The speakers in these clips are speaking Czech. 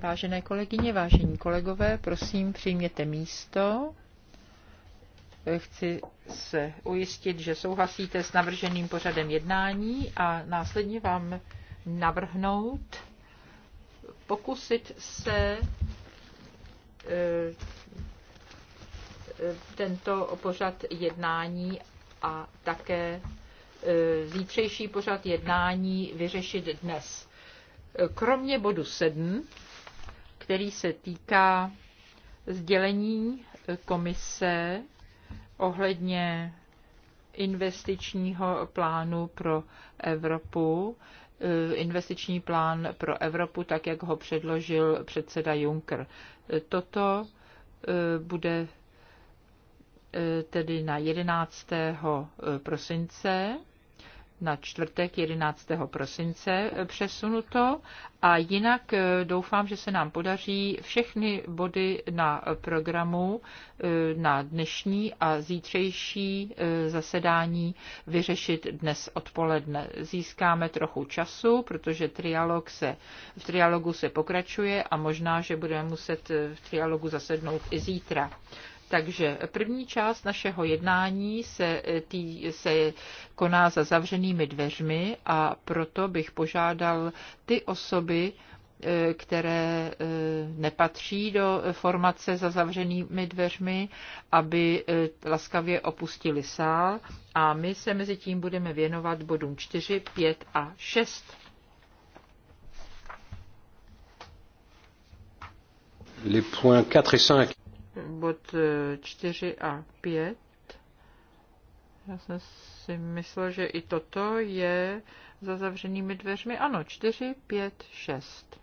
Vážené kolegyně, vážení kolegové, prosím, přijměte místo. Chci se ujistit, že souhlasíte s navrženým pořadem jednání a následně vám navrhnout pokusit se tento pořad jednání a také e, zítřejší pořad jednání vyřešit dnes. Kromě bodu 7, který se týká sdělení komise ohledně investičního plánu pro Evropu, e, investiční plán pro Evropu, tak jak ho předložil předseda Juncker. Toto e, bude E, tedy na 11. E, prosince na čtvrtek 11. prosince e, přesunuto a jinak doufám, že se nám podaří všechny body na programu na dnešní a zítřejší zasedání vyřešit dnes odpoledne. Získáme trochu času, protože trialog se, v trialogu se pokračuje a možná, že budeme muset v trialogu zasednout i zítra. Takže první část našeho jednání se, e, tý, se koná za zavřenými dveřmi a proto bych požádal ty osoby, e, které e, nepatří do formace za zavřenými dveřmi, aby laskavě opustili sál a my se mezi tím budeme věnovat bodům 4, 5 a 6. Les points 4 et 5 bod 4 eh, a 5. Já jsem si myslel, že i toto je za zavřenými dveřmi. Ano, 4, 5, 6.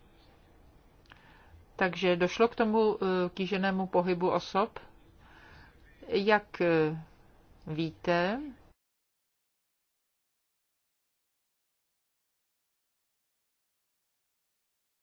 Takže došlo k tomu eh, kýženému pohybu osob. Jak eh, víte,